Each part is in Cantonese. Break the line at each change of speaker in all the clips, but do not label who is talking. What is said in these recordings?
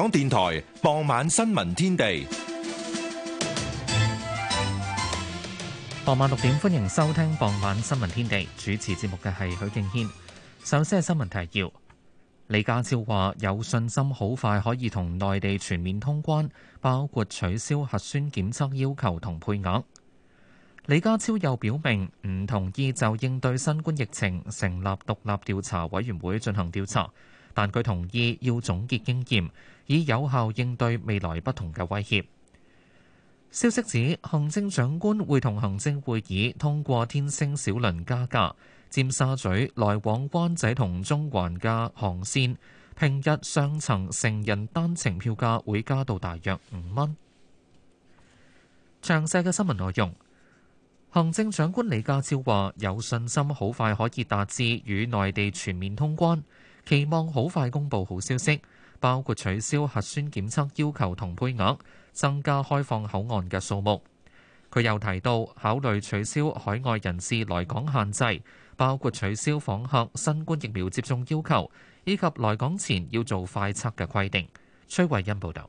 港電台傍晚新聞
天地，傍晚六點，歡迎收聽傍晚新聞天地。主持節目嘅係許敬軒。首先係新聞提要。李家超話有信心好快可以同內地全面通關，包括取消核酸檢測要求同配額。李家超又表明唔同意就應對新冠疫情成立獨立調查委員會進行調查。但佢同意要總結經驗，以有效應對未來不同嘅威脅。消息指行政長官會同行政會議通過天星小輪加價，尖沙咀來往灣仔同中環嘅航線，平日雙層成人單程票價會加到大約五蚊。詳細嘅新聞內容，行政長官李家超話有信心好快可以達至與內地全面通關。期望好快公布好消息，包括取消核酸檢測要求同配額增加開放口岸嘅數目。佢又提到考慮取消海外人士來港限制，包括取消訪客新冠疫苗接種要求，以及來港前要做快測嘅規定。崔慧欣報道。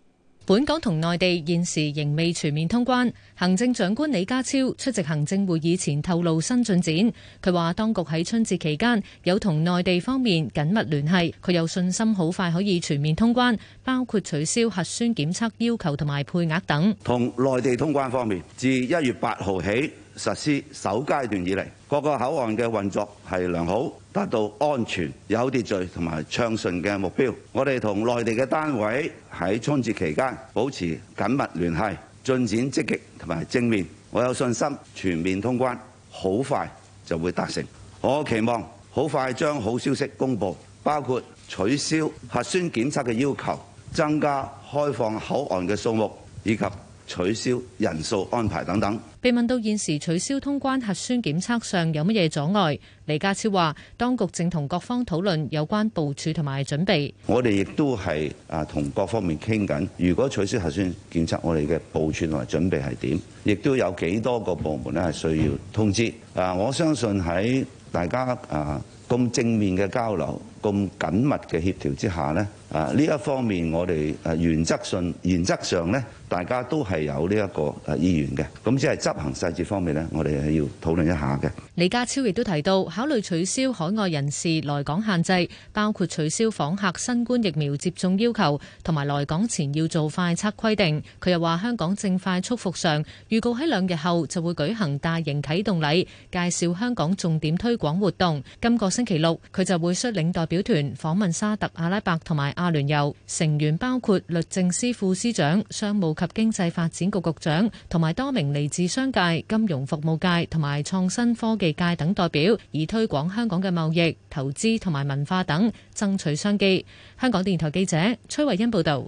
本港同內地現時仍未全面通關，行政長官李家超出席行政會議前透露新進展。佢話：當局喺春節期間有同內地方面緊密聯繫，佢有信心好快可以全面通關，包括取消核酸檢測要求同埋配額等。
同內地通關方面，自一月八號起，實施首階段以嚟，各個口岸嘅運作係良好，達到安全、有秩序同埋暢順嘅目標。我哋同內地嘅單位喺春節期間保持緊密聯繫，進展積極同埋正面。我有信心全面通關，好快就會達成。我期望好快將好消息公佈，包括取消核酸檢測嘅要求，增加開放口岸嘅數目，以及，取消人數安排等等。
被問到現時取消通關核酸檢測上有乜嘢阻礙，李家超話：當局正同各方討論有關部署同埋準備。
我哋亦都係啊，同各方面傾緊。如果取消核酸檢測，我哋嘅部署同埋準備係點？亦都有幾多個部門呢係需要通知啊！我相信喺大家啊。呃咁正面嘅交流，咁緊密嘅協調之下咧，啊呢一方面我哋誒原則上原則上咧，大家都係有呢一個誒意願嘅。咁只係執行細節方面咧，我哋係要討論一下嘅。
李家超亦都提到，考慮取消海外人士來港限制，包括取消訪客新冠疫苗接種要求同埋來港前要做快測規定。佢又話香港正快速復常，預告喺兩日後就會舉行大型啟動禮，介紹香港重點推廣活動。今個星期六，佢就會率領代表團訪問沙特阿拉伯同埋阿聯酋，成員包括律政司副司長、商務及經濟發展局局長同埋多名嚟自商界、金融服務界同埋創新科技界等代表，以推廣香港嘅貿易、投資同埋文化等，爭取商機。香港電台記者崔慧欣報道，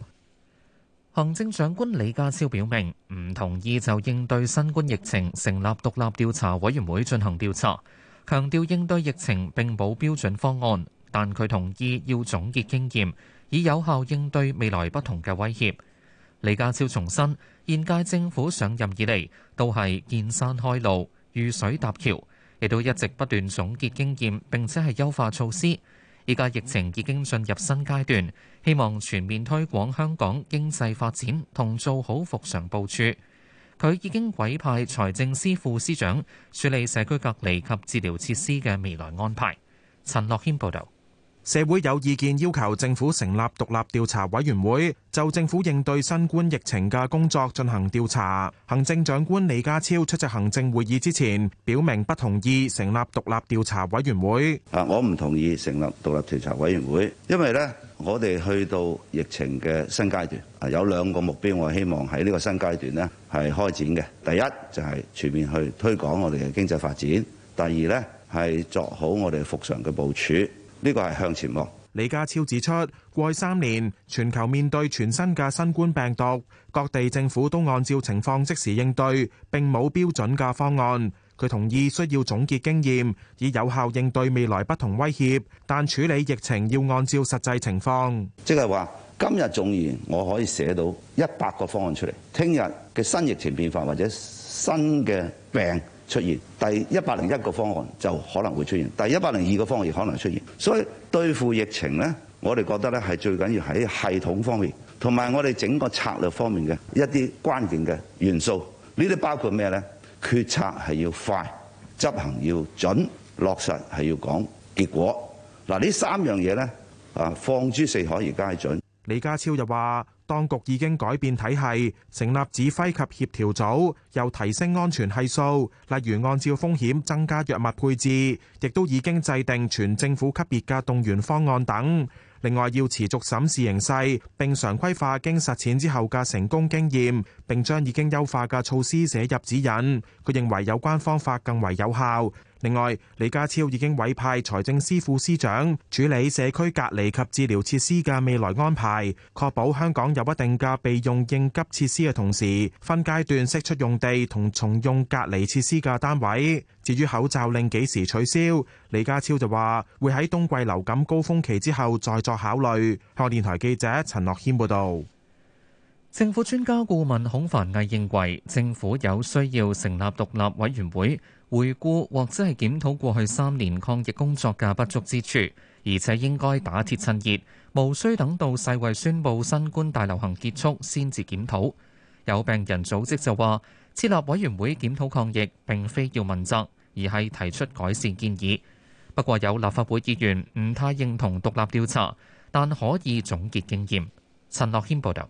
行政長官
李家超表明唔同意就應對新冠疫情成立獨立調查委員會進行調查。強調應對疫情並冇標準方案，但佢同意要總結經驗，以有效應對未來不同嘅威脅。李家超重申，現屆政府上任以嚟都係見山開路、遇水搭橋，亦都一直不斷總結經驗，並且係優化措施。而家疫情已經進入新階段，希望全面推廣香港經濟發展同做好復常部署。佢已經委派財政司副司長處理社
區隔離及治療設施嘅未來安排。陳樂軒報導。社會有意見，要求政府成立獨立調查委員會，就政府應對新冠疫情嘅工作進行調查。行政長官李家超出席行政會議之前，表明不同意成立獨立調查委員會。
啊，我唔同意成立獨立調查委員會，因為呢，我哋去到疫情嘅新階段啊，有兩個目標，我希望喺呢個新階段呢係開展嘅。第一就係全面去推廣我哋嘅經濟發展，第二呢係作好我哋復常嘅部署。呢個係向前望。
李家超指出，過去三年全球面對全新嘅新冠病毒，各地政府都按照情況即時應對，並冇標準嘅方案。佢同意需要總結經驗，以有效應對未來不同威脅，但處理疫情要按照實際情況。
即係話，今日縱然我可以寫到一百個方案出嚟，聽日嘅新疫情變化或者新嘅病。出現第一百零一個方案就可能會出現，第一百零二個方案亦可能出現。所以對付疫情呢，我哋覺得呢係最緊要喺系統方面，同埋我哋整個策略方面嘅一啲關鍵嘅元素。呢啲包括咩呢？決策係要快，執行要準，落實係要講結果。嗱，呢三樣嘢呢，啊，放諸四海而皆準。
李家超就話、啊。當局已經改變體系，成立指揮及協調組，又提升安全係數，例如按照風險增加藥物配置，亦都已經制定全政府級別嘅動員方案等。另外，要持續審視形勢，並常規化經實踐之後嘅成功經驗，並將已經優化嘅措施寫入指引。佢認為有關方法更為有效。另外，李家超已經委派財政司副司長處理社區隔離及治療設施嘅未來安排，確保香港有一定嘅備用應急設施嘅同時，分階段釋出用地同重用隔離設施嘅單位。至於口罩令幾時取消，李家超就話會喺冬季流感高峰期之後再作考慮。香港電台記者陳樂軒報導。政府專家顧
問孔繁毅認為，政府有需要成立獨立委員會。回顧或者係檢討過去三年抗疫工作嘅不足之處，而且應該打鐵趁熱，無需等到世衞宣布新冠大流行結束先至檢討。有病人組織就話，設立委員會檢討抗疫並非要問責，而係提出改善建議。不過有立法會議員唔太認同獨立調查，
但可以總結經驗。陳樂謙報導。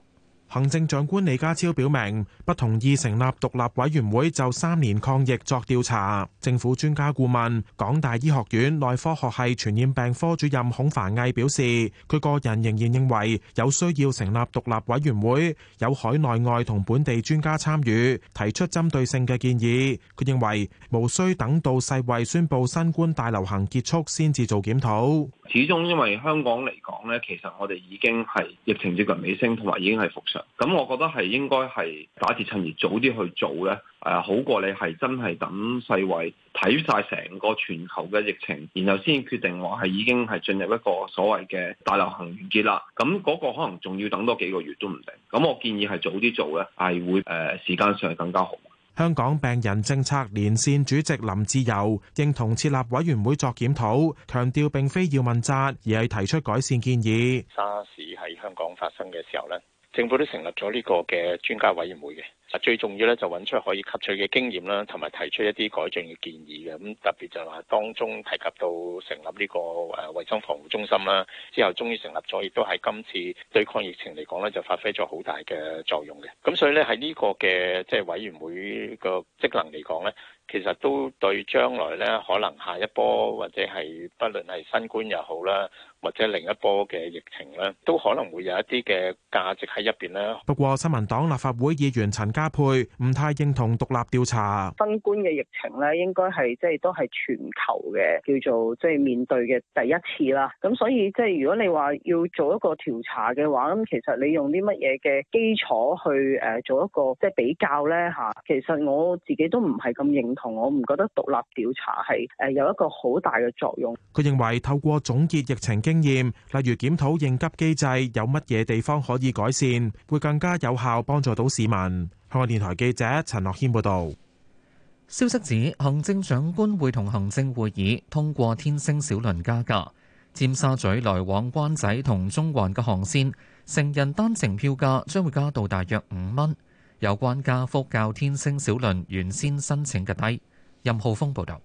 行政長官李家超表明，不同意成立獨立委員會就三年抗疫作調查。政府專家顧問、港大醫學院內科學系傳染病科主任孔繁毅表示，佢個人仍然認為有需要成立獨立委員會，有海內外同本地專家參與，提出針對性嘅建議。佢認為，無需等到世衛宣布新冠大流行結束先至做檢討。
始終因為香港嚟講咧，其實我哋已經係疫情接近尾聲，同埋已經係復常。咁我覺得係應該係打節趁而早啲去做咧，誒、呃、好過你係真係等世衞睇晒成個全球嘅疫情，然後先決定話係已經係進入一個所謂嘅大流行完結啦。咁嗰個可能仲要等多幾個月都唔定。咁我建議係早啲做咧，係會誒、呃、時間上係更加好。
香港病人政策連線主席林志友認同設立委員會作檢討，強調並非要問責，而係提出改善建議。沙士喺香港發生嘅時候咧，政府都成立咗呢個嘅專家委員會嘅。最重要咧就揾出可以吸取嘅經驗啦，同埋提出一啲改進嘅建議嘅。咁特別就係話當中提及到成立呢個誒衞生防護中心啦，之後終於成立咗，亦都係今次對抗疫情嚟講咧，就發揮咗好大嘅作用嘅。咁所以咧喺呢個嘅即係委員會個職能嚟講咧，其實都對將來咧可能下一波或者係不論係新冠又好啦。或者另一波嘅疫情咧，都可能會有一啲嘅價值喺入邊啦。不過，新民黨立法會議員陳家珮唔太認同獨立調查。
新冠嘅疫情咧，應該係即係都係全球嘅叫做即係面對嘅第一次啦。咁所以即係如果你話要做一個調查嘅話，咁其實你用啲乜嘢嘅基礎去誒做一個即係比較咧吓，其實我自己都唔係咁認同，我唔覺得獨立調查係誒有一個好大嘅作用。
佢認為透過總結疫情經驗，例如檢討應急機制有乜嘢地方可以改善，會更加有效幫助到市民。香港電台記者陳樂軒報導。消息指，行政長官
會同行政會議通過天星小輪加價，尖沙咀來往灣仔同中環嘅航線，成人單程票價將會加到大約五蚊，有關加幅較天星小輪原先申請嘅低。任浩峯報導。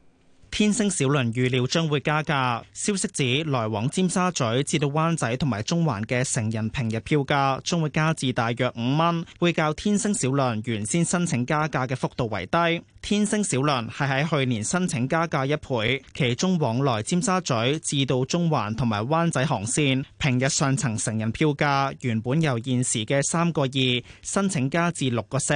天星小輪預料將會加價。消息指，來往尖沙咀至到灣仔同埋中環嘅成人平日票價將會加至大約五蚊，會較天星小輪原先申請加價嘅幅度為低。天星小輪係喺去年申請加價一倍，其中往來尖沙咀至到中環同埋灣仔航線平日上層成人票價原本由現時嘅三個二申請加至六個四。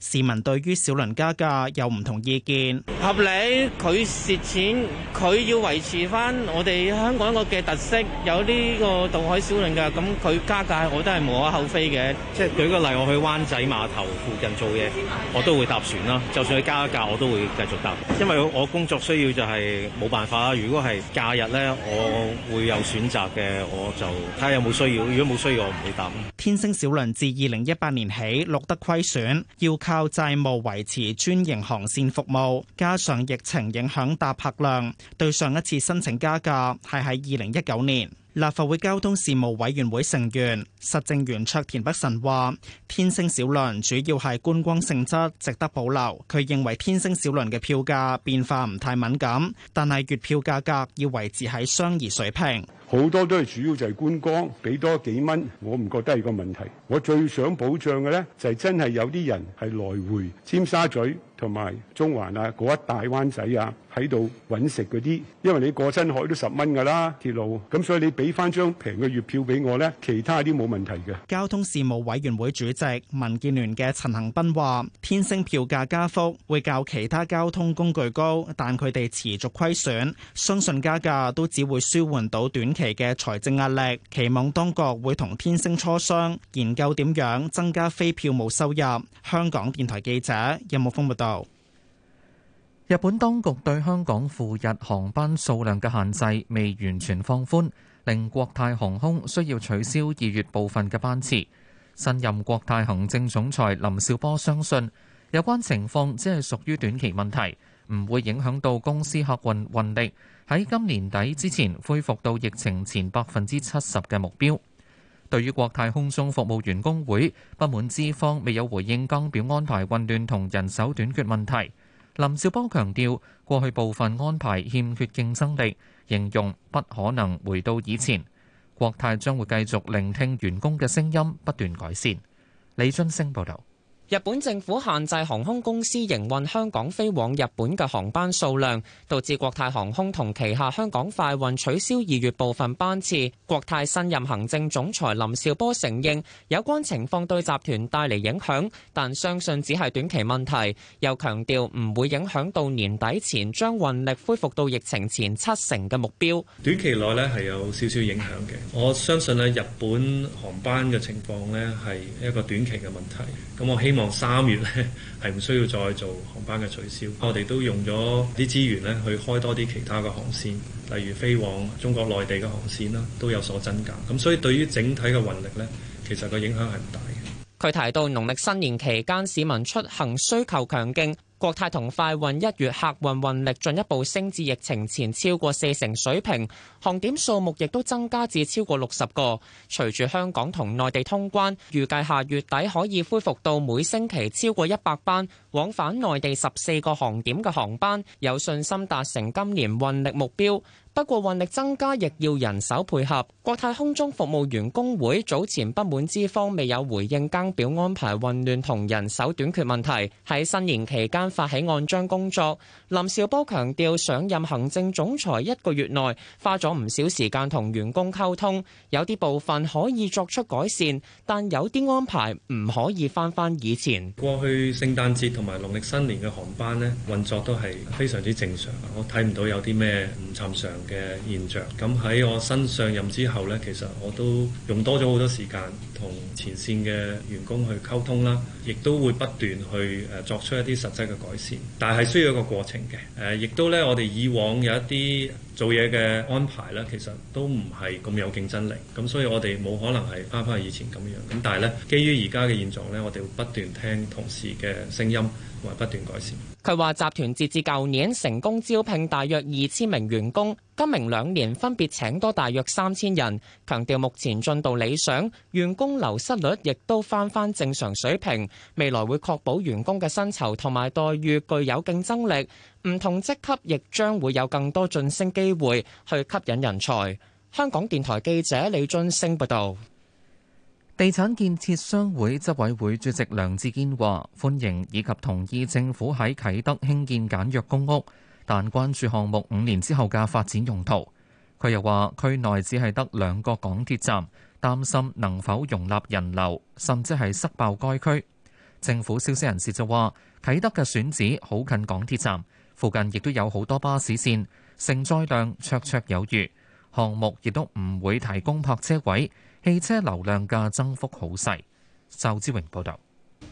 市民對於小輪加價有唔同意見。合理，佢
蝕錢，佢要維持翻我哋香港個嘅特色，有呢個
渡海小輪㗎，咁佢加價我都係無可厚非嘅。即係舉個例，我去灣仔碼頭附近做嘢，我都會搭船啦。就算佢加價，我都會繼續搭，因為我工作需要就係冇辦法啦。如果係假日呢，我會有選擇嘅，我就睇下有冇需要。如果冇需要，我唔會搭。天星小輪自二零一八年起錄得虧損，要靠債務維持專營航線服務，加上疫情影響搭客量，對上一次申請加價係喺二零一九年。立法會交通事務委員會成員、實政圓桌田北辰話：天星小輪主要係觀光性質，值得保留。佢認為天星小輪嘅票價變化唔太敏感，但係月票價格要維持喺相宜水平。
好多都係主要就係觀光，俾多幾蚊，我唔覺得係個問題，我最想保障嘅咧，就係、是、真係有啲人係來回尖沙咀同埋中環啊嗰一、那個、帶灣仔啊喺度揾食嗰啲，因為你過咗海都十蚊噶啦，鐵路，咁所以你俾翻張平嘅月票俾我咧，其他啲冇問題嘅。
交通事務委員會主席民建聯嘅陳恒斌話天星票價加幅會較其他交通工具高，但佢哋持續虧損，相信加價都只會舒緩到短期嘅財政壓力，期望當局會同天星磋商，研究點樣增加非票務收入。香港電台記者任木峰報道。有
有日本當局對香港赴日航班數量嘅限制未完全放寬，令國泰航空需要取消二月部分嘅班次。新任國泰行政總裁林紹波相信，有關情況只係屬於短期問題。唔會影響到公司客運運力，喺今年底之前恢復到疫情前百分之七十嘅目標。對於國泰空中服務員工會不滿資方未有回應更表安排混亂同人手短缺問題，林紹波強調過去部分安排欠缺競爭力，形容不可能回到以前。國泰將會繼續聆聽員工嘅聲音，不斷改善。李津升報導。
日本政府限制航空公司營運香港飛往日本嘅航班數量，導致國泰航空同旗下香港快運取消二月部分班次。國泰新任行政總裁林少波承認有關情況對集團帶嚟影響，但相信只係短期問題，又強調唔會影響到年底前將運力恢復到疫情前七成嘅目標。
短期內咧，係有少少影響嘅，我相信咧，日本航班嘅情況咧，係一個短期嘅問題，咁我希望希望三月咧係唔需要再做航班嘅取消，我哋都用咗啲資源咧去開多啲其他嘅航線，例如飛往中國內地嘅航線啦，都有所增加。咁所以對於整體嘅運力咧，其實個影響係唔大嘅。
佢提到農曆新年期間市民出行需求強勁。國泰同快運一月客運運力進一步升至疫情前超過四成水平，航點數目亦都增加至超過六十個。隨住香港同內地通關，預計下月底可以恢復到每星期超過一百班往返內地十四個航點嘅航班，有信心達成今年運力目標。不過運力增加亦要人手配合。國泰空中服務員工會早前不滿資方未有回應，更表安排混亂同人手短缺問題，喺新年期間發起按章工作。林紹波強調上任行政總裁一個月內花咗唔少時間同員工溝通，有啲部分可以作出改善，但有啲安排唔可以返返以前。
過去聖誕節同埋農曆新年嘅航班呢，運作都係非常之正常，我睇唔到有啲咩唔尋常嘅現象。咁喺我新上任之後呢，其實我都用多咗好多時間同前線嘅員工去溝通啦，亦都會不斷去誒作出一啲實質嘅改善，但係需要一個過程嘅誒。亦都呢，我哋以往有一啲做嘢嘅安排呢，其實都唔係咁有競爭力，咁所以我哋冇可能係翻返去以前咁樣。咁但係呢，基於而家嘅現狀呢，我哋會不斷聽同事嘅聲音，同埋不斷改
善。佢話集團截至舊年成功招聘大約二千名員工。今明兩年分別請多大約三千人，強調目前進度理想，員工流失率亦都返返正常水平。未來會確保員工嘅薪酬同埋待遇具有競爭力，唔同職級亦將會有更多晉升機會去吸引人才。香港電台記者李
津升報道：「地產建設商會執委會主席梁志堅話：歡迎以及同意政府喺啟德興建簡約公屋。但關注項目五年之後嘅發展用途，佢又話區內只係得兩個港鐵站，擔心能否容納人流，甚至係塞爆該區。政府消息人士就話啟德嘅選址好近港鐵站，附近亦都有好多巴士線，承載量綽綽有餘。項目亦都唔會提供泊車位，汽車流量嘅增幅好細，周志榮報道。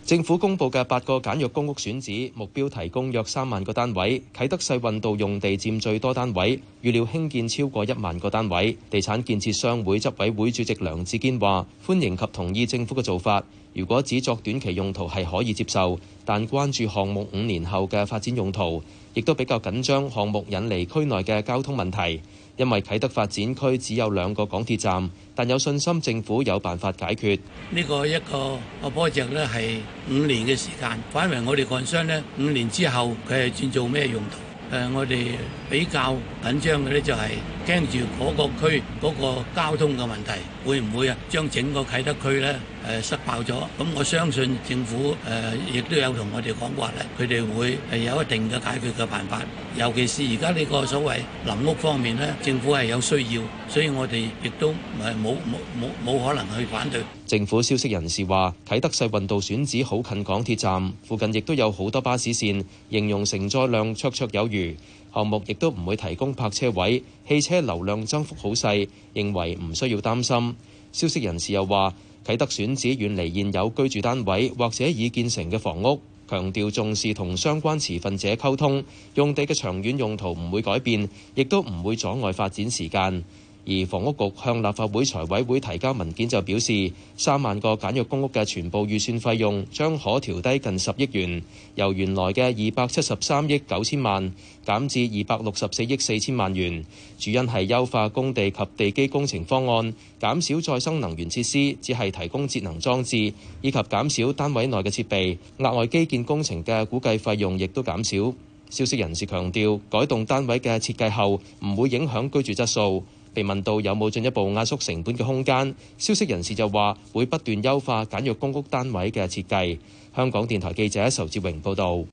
政府公布嘅八個簡約公屋選址，目標提供約三萬個單位。啟德世運道用地佔最多單位，預料興建超過一萬個單位。地產建設商會執委會主席梁志堅話歡迎及同意政府嘅做法。如果只作短期用途係可以接受，但關注項目五年後嘅發展用途，亦都比較緊張。項目引嚟區內嘅交通問題，因為啟德發展區只有兩個港鐵站，但有信心政府有辦法解決
呢個一個 project 咧，係五年嘅時間，反為我哋看商咧，五年之後，佢係轉做咩用途？誒，我哋比較緊張嘅咧就係驚住嗰個區嗰個交通嘅問題，會唔會啊，將整個啟德區咧？誒失爆咗，咁我相信政府誒亦都有同我哋講過咧，佢哋會係有一定嘅解決嘅辦法。尤其是而家呢個所謂臨屋方面咧，政府係有需要，所以我哋亦都誒冇冇冇冇可能去反對。
政府消息人士話，啟德世運道選址好近港鐵站，附近亦都有好多巴士線，形容承載量綽綽有餘。項目亦都唔會提供泊車位，汽車流量增幅好細，認為唔需要擔心。消息人士又話，啟德選址遠離現有居住單位或者已建成嘅房屋，強調重視同相關持份者溝通。用地嘅長遠用途唔會改變，亦都唔會阻礙發展時間。而房屋局向立法會財委會提交文件就表示，三萬個簡約公屋嘅全部預算費用將可調低近十億元，由原來嘅二百七十三億九千萬減至二百六十四億四千萬元。主因係優化工地及地基工程方案，減少再生能源設施，只係提供節能裝置，以及減少單位內嘅設備。額外基建工程嘅估計費用亦都減少。消息人士強調，改動單位嘅設計後，唔會影響居住質素。被問到有冇進一步壓縮成本嘅空間，消息人士就話會不斷優化簡約公屋單位嘅設計。香港電台記者仇志榮報道，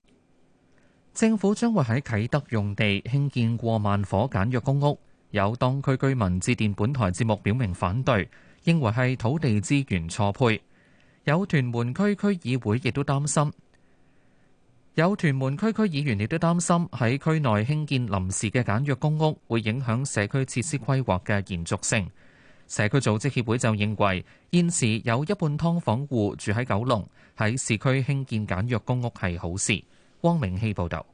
政府將會喺啟德用地興建過萬伙簡約公屋，有當區居民致電本台節目表明反對，認為係土地資源錯配。有屯門區區議會亦都擔心。有屯門區區議員亦都擔心喺區內興建臨時嘅簡約公屋，會影響社區設施規劃嘅延續性。社區組織協會就認為，現時有一半劏房戶住喺九龍，喺市區興建簡約公屋係好事。汪明希報道。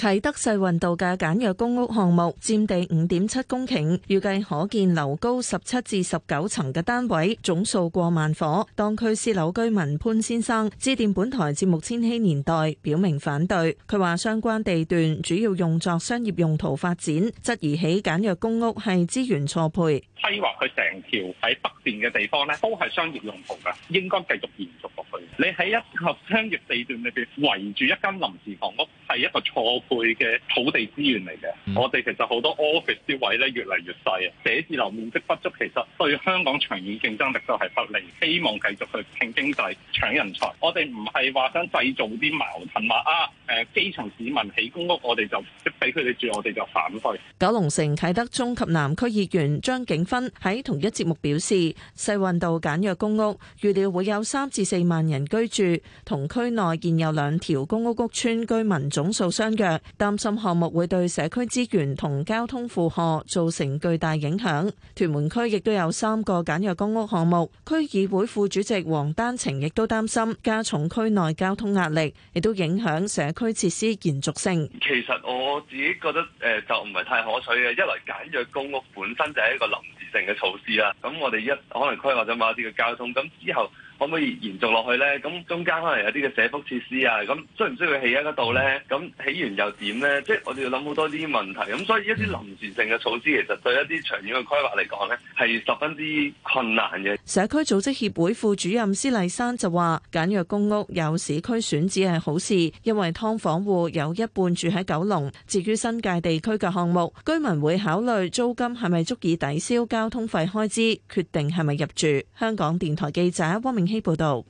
啟德世運道嘅簡約公屋項目佔，占地五點七公頃，預計可建樓高十七至十九層嘅單位，總數過萬伙。當區私樓居民潘先生致電本台節目《千禧年代》，表明反對。佢話相關地段主要用作商業用途發展，質疑起簡約公屋係資源錯配。
規劃佢成條喺北邊嘅地方呢都係商業用途嘅，應該繼續延續落去。你喺一個商業地段裏邊圍住一間臨時房屋，係一個錯配。配嘅土地資源嚟嘅，我哋其實好多 office 啲位咧越嚟越細，寫字樓面積不足，其實對香港長遠競爭力都係不利。希望繼續去拼經濟、搶人才。我哋唔係話想製造啲矛盾，話啊誒，基層市民起公屋，我哋就俾佢哋住，我哋就
反對。
九龍城啟德中及南區議員張景芬喺同一節目表示，世運道簡約公屋預料會有三至四萬人居住，同區內現有兩條公屋屋邨居民總數相若。擔心項目會對社區資源同交通負荷造成巨大影響。屯門區亦都有三個簡約公屋項目，區議會副主席黃丹晴亦都擔心加重區內交通壓力，亦都影響社區設施延續性。
其實我自己覺得誒，就唔係太可取嘅。一來簡約公屋本身就係一個臨時性嘅措施啦，咁我哋一可能規劃咗某啲嘅交通，咁之後。可唔可以延續落去呢？咁中間可能有啲嘅社福設施啊，咁需唔需要起喺嗰度呢？咁起完又點呢？即係我哋要諗好多啲問題。咁所以一啲臨時性嘅措施，其實對一啲長遠嘅規劃嚟講呢係十分之困
難嘅。
社區組織協會副主任施麗珊就話：簡約公屋有市區選址係好事，因為劏房戶有一半住喺九龍。至於新界地區嘅項目，居民會考慮租金係咪足以抵消交通費開支，決定係咪入住。香港電台記者汪明。報道：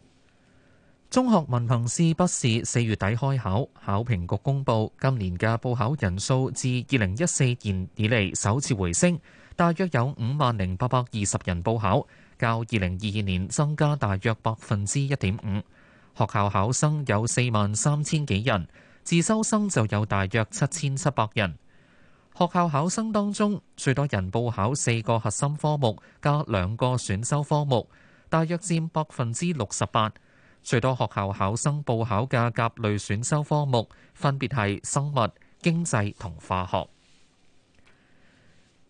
中學文憑試筆試四月底開考，考評局公布今年嘅報考人數，自二零一四年以嚟，首次回升，大約有五萬零八百二十人報考，較二零二二年增加大約百分之一點五。學校考生有四萬三千幾人，自修生就有大約七千七百人。學校考生當中，最多人報考四個核心科目加兩個選修科目。大約佔百分之六十八，最多學校考生報考嘅甲類選修科目分別係生物、經濟同化學。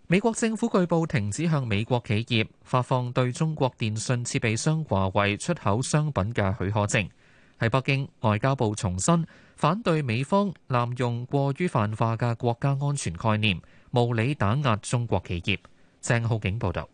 美國政府據報停止向美國企業發放對中國電信設備商華為出口商品嘅許可證。喺北京，外交部重申反對美方濫用過於泛化嘅國家安全概念，無理打壓中國企業。鄭浩景報道。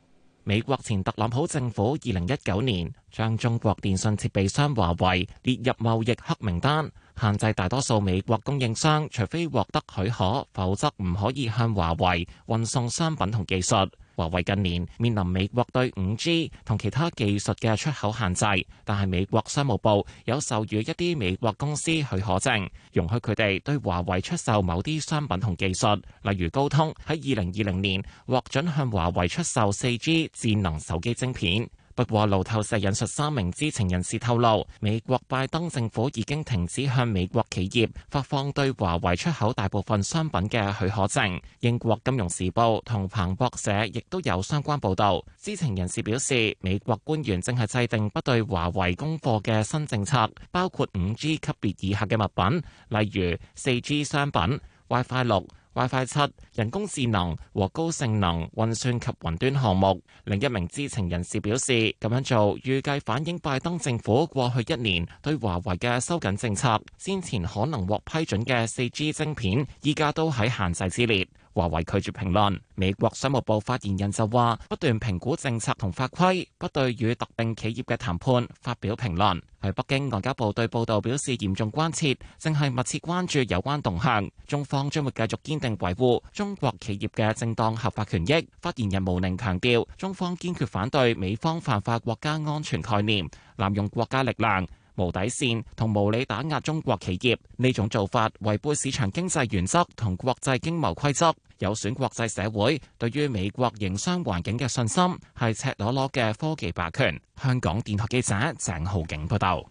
美國前特朗
普政府二零一九年將中國電信設備商華為列入貿易黑名單，限制大多數美國供應商，除非獲得許可，否則唔可以向華為運送商品同技術。華為近年面臨美國對五 G 同其他技術嘅出口限制，但係美國商務部有授予一啲美國公司許可證，容許佢哋對華為出售某啲商品同技術，例如高通喺二零二零年獲准向華為出售四 G 智能手機晶片。不過，路透社引述三名知情人士透露，美國拜登政府已經停止向美國企業發放對華為出口大部分商品嘅許可證。英國金融時報同彭博社亦都有相關報道。知情人士表示，美國官員正係制定不對華為供貨嘅新政策，包括五 G 級別以下嘅物品，例如四 G 商品、WiFi 六。WiFi 七、人工智能和高性能運算及雲端項目。另一名知情人士表示，咁樣做預計反映拜登政府過去一年對華為嘅收緊政策。先前可能獲批准嘅四 G 晶片，依家都喺限制之列。華為拒絕評論。美國商務部發言人就話，不斷評估政策同法規，不對與特定企業嘅談判發表評論。喺北京外交部對報道表示嚴重關切，正係密切關注有關動向。中方將會繼續堅定維護中國企業嘅正當合法權益。發言人毛寧強調，中方堅決反對美方犯法國家安全概念、濫用國家力量、無底線同無理打壓中國企業。呢種做法違背市場經濟原則同國際經貿規則。有損國際社會對於美國營商環境嘅信心，係赤裸裸嘅
科技霸權。香港電台記者鄭浩景報導。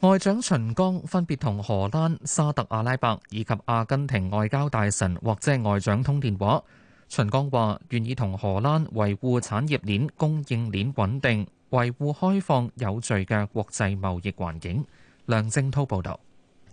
外長秦剛分別同荷蘭、沙特阿拉伯以及阿根廷外交大臣或者外長通電話。秦剛話願意同荷蘭維護產業鏈、供應鏈穩定，維護開放有序嘅國際貿易環境。梁正
滔報導。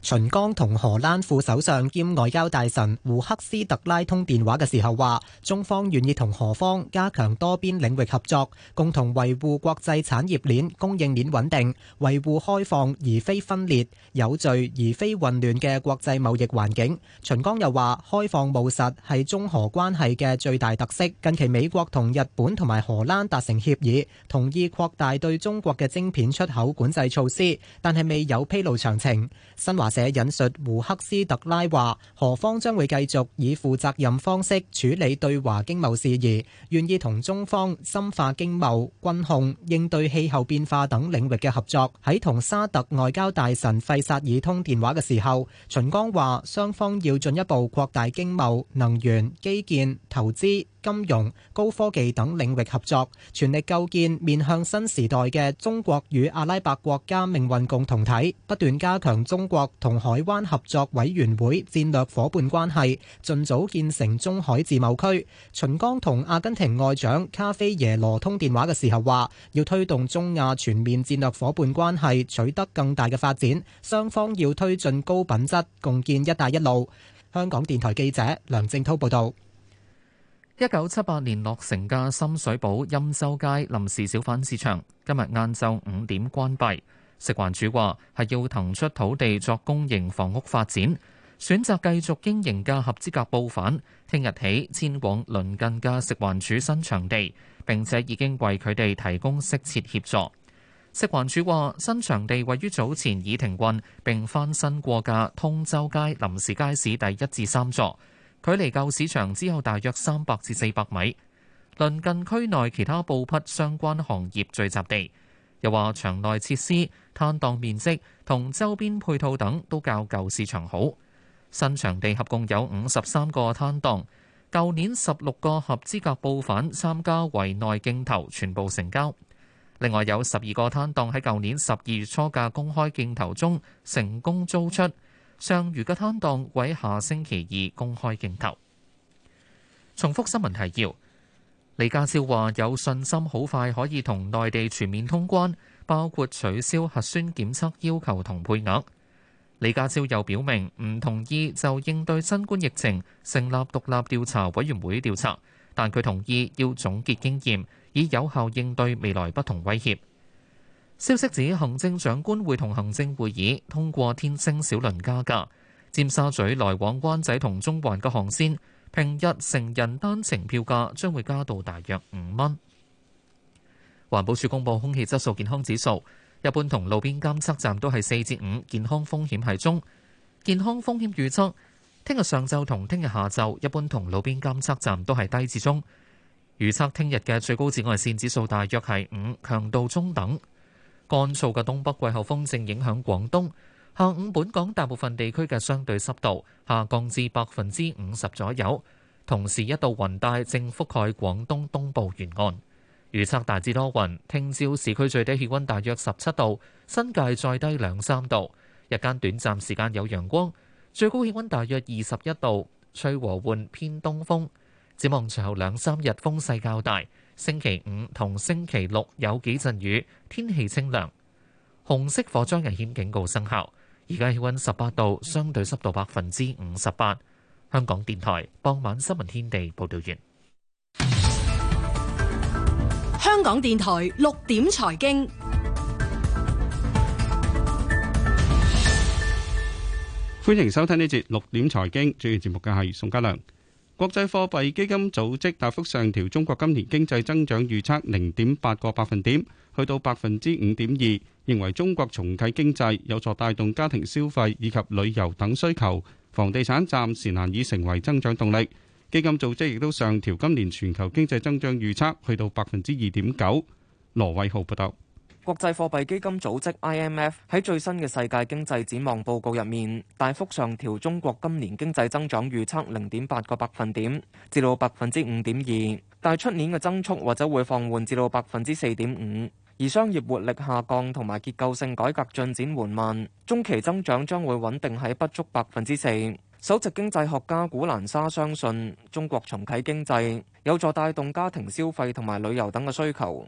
秦剛同荷蘭副首相兼外交大臣胡克斯特拉通電話嘅時候話，中方願意同荷方加強多邊領域合作，共同維護國際產業鏈供應鏈穩定，維護開放而非分裂、有序而非混亂嘅國際貿易環境。秦剛又話，開放務實係中荷關係嘅最大特色。近期美國同日本同埋荷蘭達成協議，同意擴大對中國嘅晶片出口管制措施，但係未有披露詳情。新華社。社引述胡克斯特拉話：何方將會繼續以負責任方式處理對華經貿事宜，願意同中方深化經貿、軍控、應對氣候變化等領域嘅合作。喺同沙特外交大臣費薩爾通電話嘅時候，秦剛話：雙方要進一步擴大經貿、能源、基建、投資。金融、高科技等領域合作，全力構建面向新時代嘅中國與阿拉伯國家命運共同體，不斷加強中國同海灣合作委員會戰略夥伴關係，盡早建成中海自貿區。秦剛同阿根廷外長卡菲耶羅通電話嘅時候話，要推動中亞全面戰略夥伴關係取得更大嘅發展，雙方要推進高品質共建「一帶一路」。香港電台記者梁正濤報道。一九七八年落成嘅深水埗欽州街臨
時小販市場今日晏晝五點關閉。食環署話，係要騰出土地作公營房屋發展，選擇繼續經營嘅合資格布販，聽日起遷往鄰近嘅食環署新場地，並且已經為佢哋提供適切協助。食環署話，新場地位於早前已停運並翻新過嘅通州街臨時街市第一至三座。距離舊市場只有大約三百至四百米，鄰近區內其他布匹相關行業聚集地。又話場內設施、攤檔面積同周邊配套等都較舊市場好。新場地合共有五十三個攤檔，舊年十六個合資格報返參加圍內競投，全部成交。另外有十二個攤檔喺舊年十二月初嘅公開競投中成功租出。上漁嘅攤檔會喺下星期二公開競投。重複新聞提要，李家超話有信心好快可以同內地全面通關，包括取消核酸檢測要求同配額。李家超又表明唔同意就應對新冠疫情成立獨立調查委員會調查，但佢同意要總結經驗，以有效應對未來不同威脅。消息指，行政長官會同行政會議通過天星小輪加價，尖沙咀來往灣仔同中環嘅航線，平日成人單程票價將會加到大約五蚊。環保署公布空氣質素健康指數，一般同路邊監測站都係四至五，健康風險係中。健康風險預測，聽日上晝同聽日下晝一般同路邊監測站都係低至中。預測聽日嘅最高紫外線指數大約係五，強度中等。乾燥嘅東北季候風正影響廣東，下午本港大部分地區嘅相對濕度下降至百分之五十左右，同時一道雲帶正覆蓋廣東東部沿岸。預測大致多雲，聽朝市區最低氣温大約十七度，新界再低兩三度。日間短暫時間有陽光，最高氣温大約二十一度，吹和緩偏東風。展望隨後兩三日風勢較大。星期五同星期六有幾陣雨，天氣清涼。紅色火災危險警告生效。而家氣溫十八度，相對濕度百分之五十八。香港電台傍晚新聞天地報道完。
香港電台六點財經，
歡迎收聽呢節六點財經，主持節目嘅係宋家良。國際貨幣基金組織大幅上調中國今年經濟增長預測零點八個百分點，去到百分之五點二，認為中國重啟經濟有助帶動家庭消費以及旅遊等需求，房地產暫時難以成為增長動力。基金組織亦都上調今年全球經濟增長預測，去到百分之二點九。羅偉浩報導。
國際貨幣基金組織 IMF 喺最新嘅世界經濟展望報告入面，大幅上調中國今年經濟增長預測零點八個百分點，至到百分之五點二。但係出年嘅增速或者會放緩至到百分之四點五，而商業活力下降同埋結構性改革進展緩慢，中期增長將會穩定喺不足百分之四。首席經濟學家古蘭沙相信，中國重啟經濟有助帶動家庭消費同埋旅遊等嘅需求。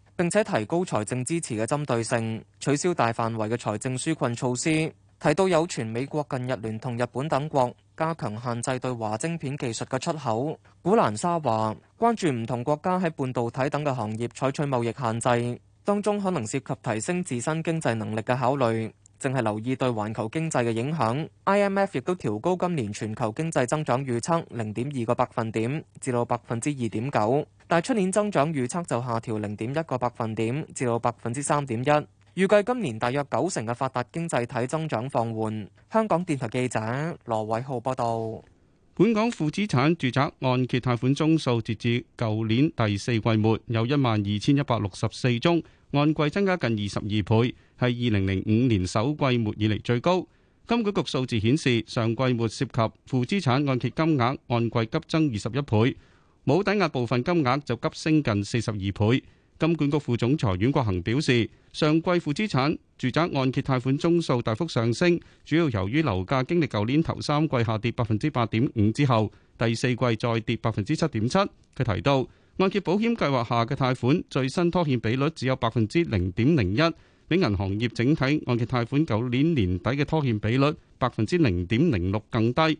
並且提高財政支持嘅針對性，取消大範圍嘅財政紓困措施。提到有傳，美國近日聯同日本等國加強限制對華晶片技術嘅出口。古蘭莎話：關注唔同國家喺半導體等嘅行業採取貿易限制，當中可能涉及提升自身經濟能力嘅考慮。淨係留意對環球經濟嘅影響。IMF 亦都調高今年全球經濟增長預測零點二個百分點，至到百分之二點九。但係，出年增長預測就下調零點一個百分點，至到百分之三點一。預計今年大約九成嘅發達經濟體增長放緩。香港電台記者羅偉浩報道。
本港負資產住宅按揭貸款宗數截至舊年第四季末有一萬二千一百六十四宗，按季增加近二十二倍，係二零零五年首季末以嚟最高。金管局數字顯示，上季末涉及負資產按揭金額按季急增二十一倍。冇抵押部分金額就急升近四十二倍。金管局副總裁阮國恒表示，上季負資產住宅按揭貸款宗數大幅上升，主要由於樓價經歷舊年頭三季下跌百分之八點五之後，第四季再跌百分之七點七。佢提到，按揭保險計劃下嘅貸款最新拖欠比率只有百分之零點零一，比銀行業整體按揭貸款舊年年底嘅拖欠比率百分之零點零六更低。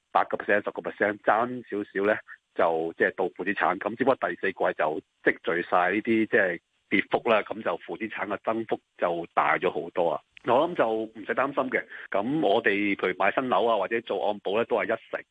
八個 percent、十個 percent 爭少少咧，點點就即係到負資產咁。只不過第四季就積聚晒呢啲即係跌幅啦，咁就負資產嘅增幅就大咗好多啊！我諗就唔使擔心嘅。咁我哋譬如買新樓啊，或者做按保咧，都係一成，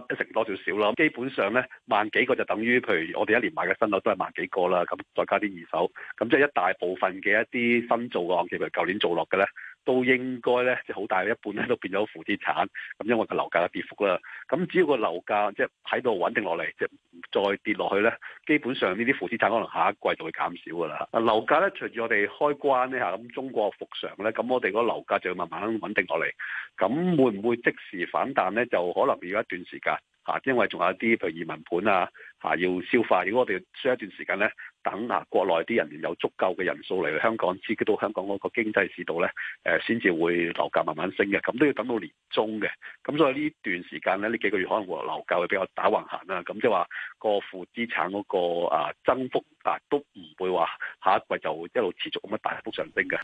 噏一成多少少啦。基本上咧，萬幾個就等於譬如我哋一年買嘅新樓都係萬幾個啦。咁再加啲二手，咁即係一大部分嘅一啲新做嘅按揭，譬如舊年做落嘅咧。都應該咧，即係好大嘅一半咧，都變咗負資產。咁因為個樓價跌幅啦，咁只要個樓價即係喺度穩定落嚟，即係唔再跌落去咧，基本上呢啲負資產可能下一季就會減少㗎啦。樓價咧，隨住我哋開關咧嚇，咁中國復常咧，咁我哋嗰個樓價就會慢慢穩定落嚟。咁會唔會即時反彈咧？就可能要一段時間。啊，因為仲有啲譬如移民盤啊，嚇、啊、要消化。如果我哋需要一段時間咧，等啊國內啲人員有足夠嘅人數嚟到香港，刺激到香港嗰個經濟市道咧，誒先至會樓價慢慢升嘅。咁都要等到年中嘅。咁所以呢段時間咧，呢幾個月可能會樓價會比較打橫行啦。咁即係話個負資產嗰個啊增幅啊都唔會話下一季就一路持續咁樣大幅上升嘅。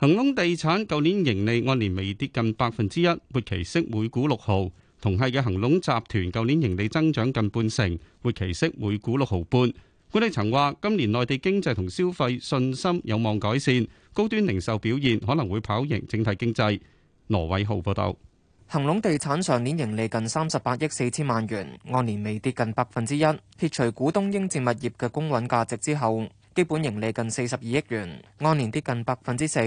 恆隆地產舊年盈利按年微跌近百分之一，活期息每股六毫。同系嘅恒隆集團，舊年盈利增長近半成，末期息每股六毫半。管理層話，今年內地經濟同消費信心有望改善，高端零售表現可能會跑贏整體經濟。羅偉浩報道。
恒隆地產上年盈利近三十八億四千萬元，按年微跌近百分之一。撇除股東應佔物業嘅公允價值之後，基本盈利近四十二億元，按年跌近百分之四。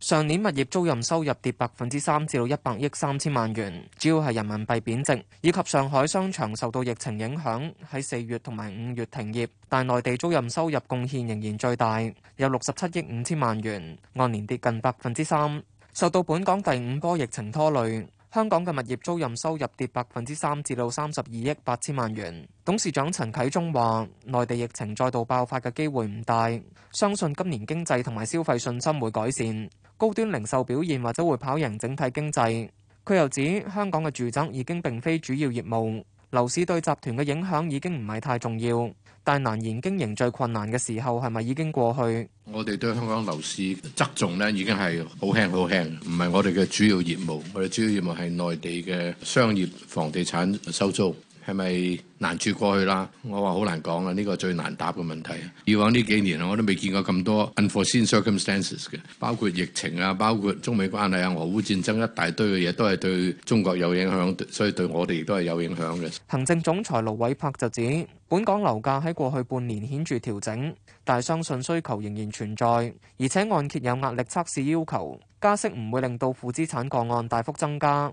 上年物業租賃收入跌百分之三，至到一百億三千萬元，主要係人民幣貶值，以及上海商場受到疫情影響喺四月同埋五月停業。但內地租賃收入貢獻仍然最大，有六十七億五千萬元，按年跌近百分之三。受到本港第五波疫情拖累，香港嘅物業租賃收入跌百分之三，至到三十二億八千萬元。董事長陳啟宗話：內地疫情再度爆發嘅機會唔大，相信今年經濟同埋消費信心會改善。高端零售表現或者會跑贏整體經濟。佢又指香港嘅住宅已經並非主要業務，樓市對集團嘅影響已經唔係太重要。但難言經營最困難嘅時候係咪已經過去？
我哋對香港樓市側重呢已經係好輕好輕，唔係我哋嘅主要業務。我哋主要業務係內地嘅商業房地產收租。係咪難處過去啦？我話好難講啊！呢個係最難答嘅問題。以往呢幾年我都未見過咁多 unforeseen circumstances 嘅，包括疫情啊，包括中美關係啊，俄烏戰爭，一大堆嘅嘢都係對中國有影響，所以對我哋亦都係有影響嘅。
行政總裁盧偉柏就指，本港樓價喺過去半年顯著調整，但係相信需求仍然存在，而且按揭有壓力測試要求，加息唔會令到負資產個案大幅增加。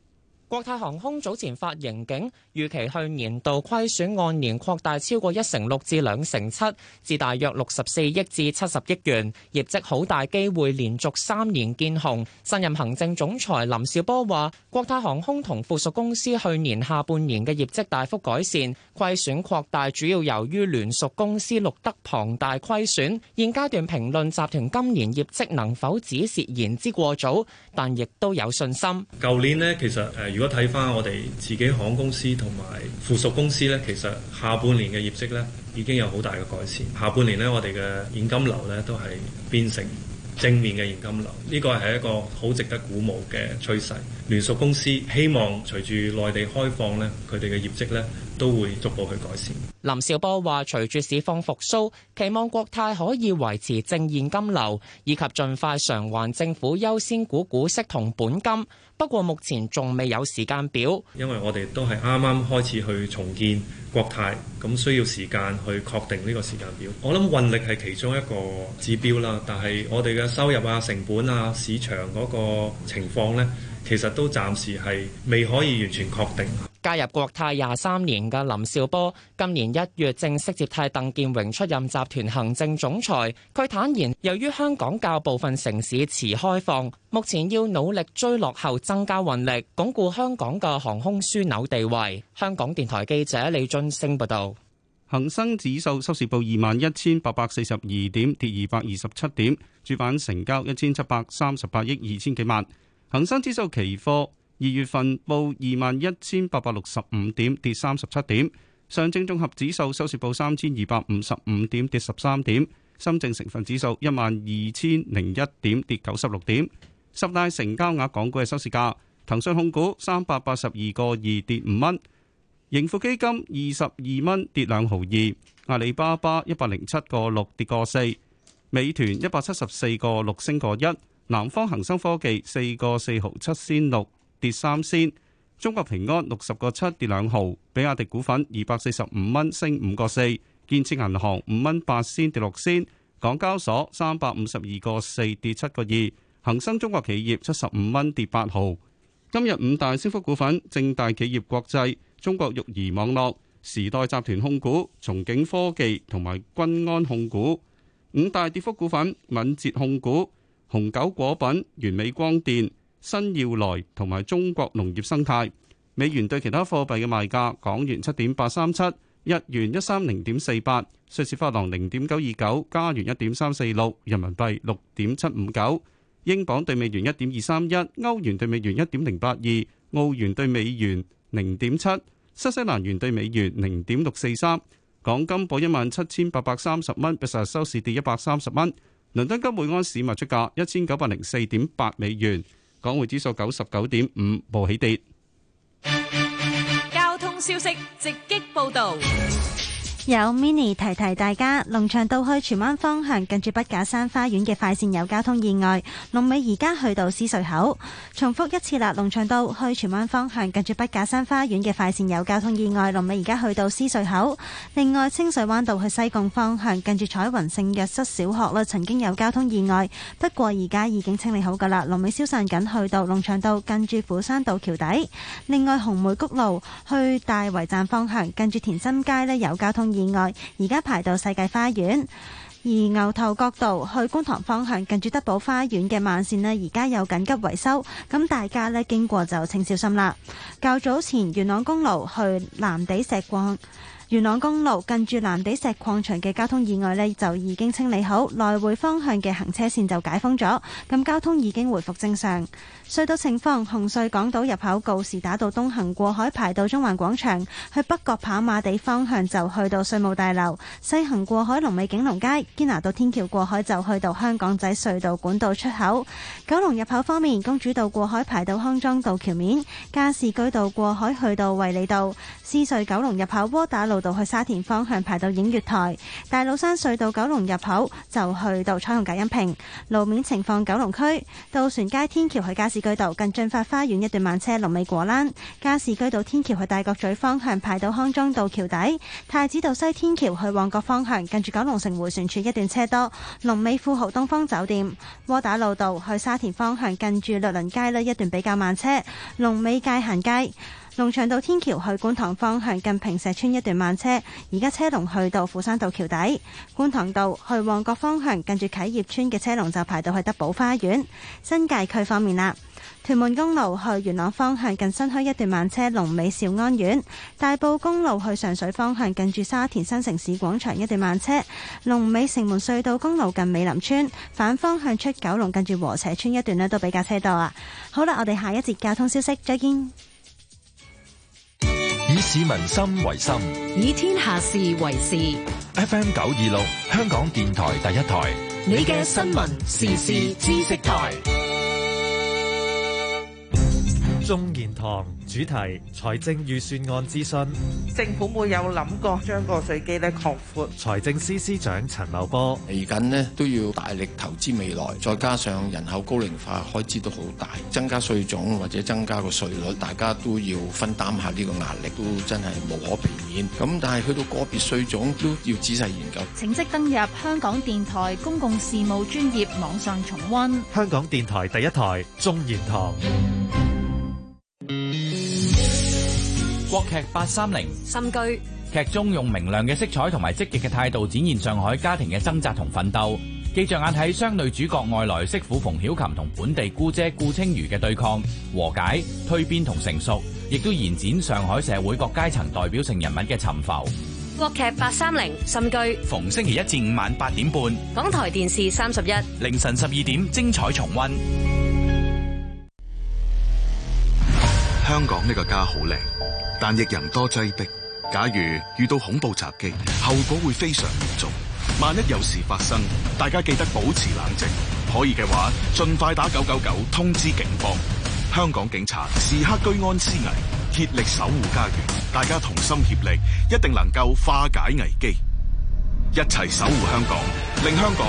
國泰航空早前發盈警，預期去年度虧損按年擴大超過一成六至兩成七，至大約六十四億至七十億元，業績好大機會連續三年見紅。新任行政總裁林紹波話：國泰航空同附屬公司去年下半年嘅業績大幅改善，虧損擴大主要由於聯屬公司錄得龐大虧損。現階段評論集團今年業績能否止蝕言之過早，但亦都有信心。
舊年呢，其實、呃如果睇翻我哋自己行公司同埋附屬公司呢，其實下半年嘅業績呢已經有好大嘅改善。下半年呢，我哋嘅現金流呢都係變成正面嘅現金流，呢個係一個好值得鼓舞嘅趨勢。聯屬公司希望隨住內地開放呢，佢哋嘅業績呢，
都會逐步去改善。林兆波話，隨住市況復甦，期望國泰可以維持正現金流，以及盡快償還政府優先股股息同本金。不過目前仲未有時間表，
因為我哋都係啱啱開始去重建國泰，咁需要時間去確定呢個時間表。我諗運力係其中一個指標啦，但係我哋嘅收入啊、成本啊、市場嗰個情況呢，其實都暫時係未可以完全確定。
加入國泰廿三年嘅林紹波，今年一月正式接替鄧健榮出任集團行政總裁。佢坦言，由於香港較部分城市遲開放，目前要努力追落後，增加運力，鞏固香港嘅航空樞紐地位。香港電台記者李俊升報道：「恒生指數收市報二萬一千八百四十二
點，跌二百二十七點。主板成交一千七百三十八億二千幾萬。恒生指數期貨。二月份報二萬一千八百六十五點，跌三十七點。上證綜合指數收市報三千二百五十五點，跌十三點。深證成分指數一萬二千零一點，跌九十六點。十大成交額港股嘅收市價：騰訊控股三百八十二個二跌五蚊，盈富基金二十二蚊跌兩毫二，阿里巴巴一百零七個六跌個四，美團一百七十四個六升個一，南方恒生科技四個四毫七仙六。跌三仙，中國平安六十個七跌兩毫，比亞迪股份二百四十五蚊升五個四，建設銀行五蚊八仙跌六仙，港交所三百五十二個四跌七個二，恒生中國企業七十五蚊跌八毫。今日五大升幅股份：正大企業國際、中國育兒網絡、時代集團控股、松景科技同埋君安控股。五大跌幅股份：敏捷控股、洪九果品、完美光電。新要來同埋中國農業生態美元對其他貨幣嘅賣價：港元七點八三七，日元一三零點四八，瑞士法郎零點九二九，加元一點三四六，人民幣六點七五九，英鎊對美元一點二三一，歐元對美元一點零八二，澳元對美元零點七，新西蘭元對美元零點六四三。港金報一萬七千八百三十蚊，比實收市跌一百三十蚊。倫敦金每安士賣出價一千九百零四點八美元。港匯指數九十九點五，暴起跌。
交通消息直擊報道。
有 mini 提提大家，龍翔道去荃灣方向近住筆架山花園嘅快線有交通意外，龍尾而家去到獅隧口。重複一次啦，龍翔道去荃灣方向近住筆架山花園嘅快線有交通意外，龍尾而家去到獅隧口。另外，清水灣道去西貢方向近住彩雲聖若瑟小學咧，曾經有交通意外，不過而家已經清理好噶啦，龍尾消散緊去到龍翔道近住斧山道橋底。另外，紅梅谷路去大圍站方向近住田心街呢，有交通意外而家排到世界花園，而牛頭角道去觀塘方向近住德寶花園嘅慢線呢，而家有緊急維修，咁大家呢經過就請小心啦。較早前元朗公路去藍地石礦元朗公路近住藍地石礦場嘅交通意外呢，就已經清理好，來回方向嘅行車線就解封咗，咁交通已經回復正常。隧道情況：紅隧港島入口告士打道東行過海，排到中環廣場；去北角跑馬地方向就去到稅務大樓。西行過海，龍尾景龍街，堅拿道天橋過海就去到香港仔隧道管道出口。九龍入口方面，公主道過海排到康莊道橋面，加士居道過海去到惠利道。獅隧九龍入口窩打老道去沙田方向，排到映月台。大老山隧道九龍入口就去到彩虹隔音屏。路面情況：九龍區渡船街天橋去加士居道近駿發花園一段慢車，龍尾果欄；加士居道天橋去大角咀方向排到康莊道橋底；太子道西天橋去旺角方向近住九龍城迴旋處一段車多，龍尾富豪東方酒店；窩打老道去沙田方向近住律倫街呢一段比較慢車，龍尾界限街；龍翔道天橋去觀塘方向近平石村一段慢車，而家車龍去到斧山道橋底；觀塘道去旺角方向近住啟業村嘅車龍就排到去德寶花園。新界區方面啦。屯門公路去元朗方向近新墟一段慢車，龍尾兆安苑；大埔公路去上水方向近住沙田新城市廣場一段慢車，龍尾城門隧道公路近美林村，反方向出九龍近住和宜合村一段咧都比較車多啊！好啦，我哋下一節交通消息，再見。
以市民心為
心，
以天下事為事。
FM 九二六，香港電台第一台，
你嘅新聞時事知識台。
眾言堂主題：財政預算案諮詢。政
府會有諗過將個稅基咧擴闊。
財政司司長陳茂波嚟緊
咧都要大力投資未來，再加上人口高齡化，開支都好大，增加稅種或者增加個稅率，大家都要分擔下呢個壓力，都真係無可避
免。咁但係去到個別稅種都要仔細研究。
請即登入香港電台公共事務專頁網上重溫。
香港電台第一台眾言堂。國劇八三零
心
居，劇中用明亮嘅色彩同埋積極嘅態度展現上海家庭嘅掙扎同奮鬥。記者眼睇雙女主角外來媳婦馮曉琴同本地姑姐顧清俞嘅對抗、和解、蛻變同成熟，亦都延展上海社會各階層代表性人物嘅沉浮。
國劇八三零心居，
逢星期一至五晚八點半，
港台電視三十一，
凌晨十二點精彩重温。香港呢個家好靚。但亦人多擠迫，
假如遇到恐怖襲擊，後果會非常嚴重。萬一有事發生，大家記得保持冷靜，可以嘅話，盡快打九九九通知警方。香港警察時刻居安思危，竭力守護家園，大家同心協力，
一定能夠化解危機，一齊守護香港，令香港。